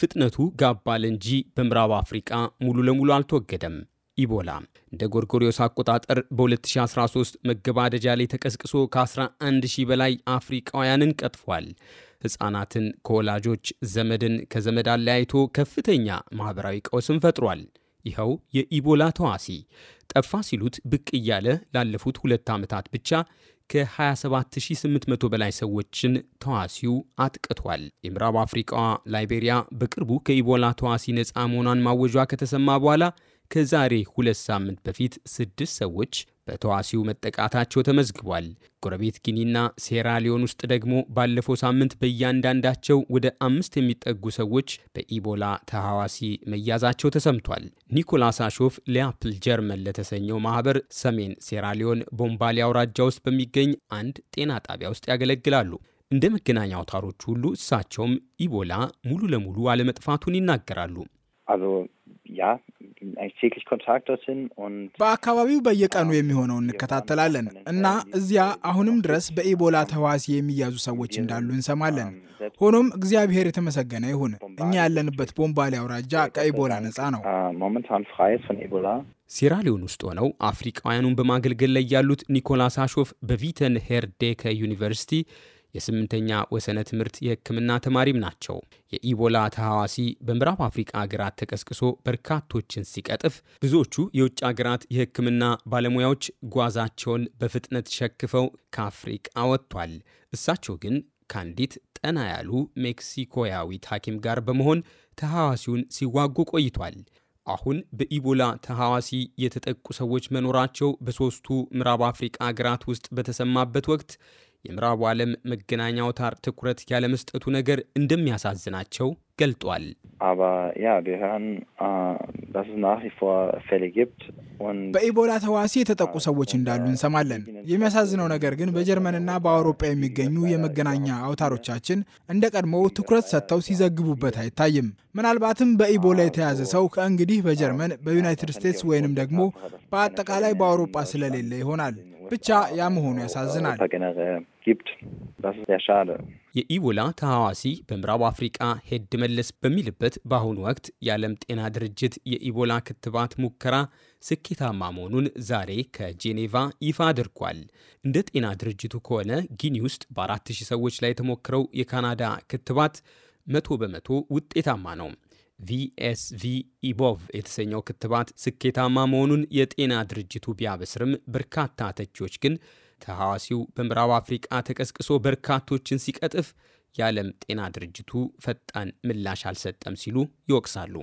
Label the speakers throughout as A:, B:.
A: ፍጥነቱ ጋባል እንጂ በምዕራብ አፍሪቃ ሙሉ ለሙሉ አልተወገደም። ኢቦላ እንደ ጎርጎሪዮስ አቆጣጠር በ2013 መገባደጃ ላይ ተቀስቅሶ ከ11 ሺህ በላይ አፍሪቃውያንን ቀጥፏል። ሕፃናትን ከወላጆች ዘመድን ከዘመድ አለያይቶ ከፍተኛ ማኅበራዊ ቀውስን ፈጥሯል። ይኸው የኢቦላ ተዋሲ ጠፋ ሲሉት ብቅ እያለ ላለፉት ሁለት ዓመታት ብቻ ከ27800 በላይ ሰዎችን ተዋሲው አጥቅቷል። የምዕራብ አፍሪቃዋ ላይቤሪያ በቅርቡ ከኢቦላ ተዋሲ ነፃ መሆኗን ማወጇ ከተሰማ በኋላ ከዛሬ ሁለት ሳምንት በፊት ስድስት ሰዎች በተዋሲው መጠቃታቸው ተመዝግቧል። ጎረቤት ጊኒና ሴራሊዮን ውስጥ ደግሞ ባለፈው ሳምንት በእያንዳንዳቸው ወደ አምስት የሚጠጉ ሰዎች በኢቦላ ተሐዋሲ መያዛቸው ተሰምቷል። ኒኮላስ አሾፍ ሊያፕል ጀርመን ለተሰኘው ማህበር ሰሜን ሴራሊዮን ቦምባሊ አውራጃ ውስጥ በሚገኝ አንድ ጤና ጣቢያ ውስጥ ያገለግላሉ። እንደ መገናኛ አውታሮች ሁሉ እሳቸውም ኢቦላ ሙሉ ለሙሉ አለመጥፋቱን ይናገራሉ።
B: በአካባቢው በየቀኑ የሚሆነው እንከታተላለን እና እዚያ አሁንም ድረስ በኢቦላ ተዋሲ የሚያዙ ሰዎች እንዳሉ እንሰማለን። ሆኖም እግዚአብሔር የተመሰገነ ይሁን፣ እኛ ያለንበት ቦምባሌ አውራጃ ከኢቦላ ነጻ ነው። ሴራሊዮን ውስጥ
A: ሆነው አፍሪቃውያኑን በማገልገል ላይ ያሉት ኒኮላስ አሾፍ በቪተን ሄርዴከ ዩኒቨርሲቲ የስምንተኛ ወሰነ ትምህርት የሕክምና ተማሪም ናቸው። የኢቦላ ተሐዋሲ በምዕራብ አፍሪቃ አገራት ተቀስቅሶ በርካቶችን ሲቀጥፍ ብዙዎቹ የውጭ ሀገራት የሕክምና ባለሙያዎች ጓዛቸውን በፍጥነት ሸክፈው ከአፍሪቃ ወጥቷል። እሳቸው ግን ከአንዲት ጠና ያሉ ሜክሲኮያዊት ሐኪም ጋር በመሆን ተሐዋሲውን ሲዋጉ ቆይቷል። አሁን በኢቦላ ተሐዋሲ የተጠቁ ሰዎች መኖራቸው በሦስቱ ምዕራብ አፍሪቃ አገራት ውስጥ በተሰማበት ወቅት የምዕራቡ ዓለም መገናኛ አውታር ትኩረት ያለመስጠቱ ነገር እንደሚያሳዝናቸው ገልጧል።
B: በኢቦላ ተዋሲ የተጠቁ ሰዎች እንዳሉ እንሰማለን። የሚያሳዝነው ነገር ግን በጀርመንና በአውሮፓ የሚገኙ የመገናኛ አውታሮቻችን እንደ ቀድሞው ትኩረት ሰጥተው ሲዘግቡበት አይታይም። ምናልባትም በኢቦላ የተያዘ ሰው ከእንግዲህ በጀርመን በዩናይትድ ስቴትስ ወይንም ደግሞ በአጠቃላይ በአውሮፓ ስለሌለ ይሆናል። ብቻ ያ መሆኑ ያሳዝናል።
A: የኢቦላ ተሐዋሲ በምዕራብ አፍሪቃ ሄድ መለስ በሚልበት በአሁኑ ወቅት የዓለም ጤና ድርጅት የኢቦላ ክትባት ሙከራ ስኬታማ መሆኑን ዛሬ ከጄኔቫ ይፋ አድርጓል። እንደ ጤና ድርጅቱ ከሆነ ጊኒ ውስጥ በ4000 ሰዎች ላይ የተሞክረው የካናዳ ክትባት መቶ በመቶ ውጤታማ ነው። ቪኤስቪ ኢቦቭ የተሰኘው ክትባት ስኬታማ መሆኑን የጤና ድርጅቱ ቢያበስርም በርካታ ተቺዎች ግን ተሐዋሲው በምዕራብ አፍሪቃ ተቀስቅሶ በርካቶችን ሲቀጥፍ የዓለም ጤና ድርጅቱ ፈጣን ምላሽ አልሰጠም ሲሉ ይወቅሳሉ።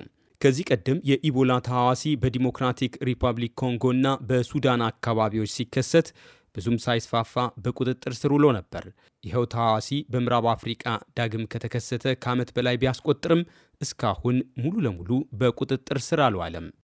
A: ከዚህ ቀደም የኢቦላ ተሐዋሲ በዲሞክራቲክ ሪፐብሊክ ኮንጎና በሱዳን አካባቢዎች ሲከሰት ብዙም ሳይስፋፋ በቁጥጥር ስር ውሎ ነበር። ይኸው ታዋሲ በምዕራብ አፍሪቃ ዳግም ከተከሰተ ከዓመት በላይ ቢያስቆጥርም እስካሁን ሙሉ ለሙሉ በቁጥጥር ስር አልዋለም።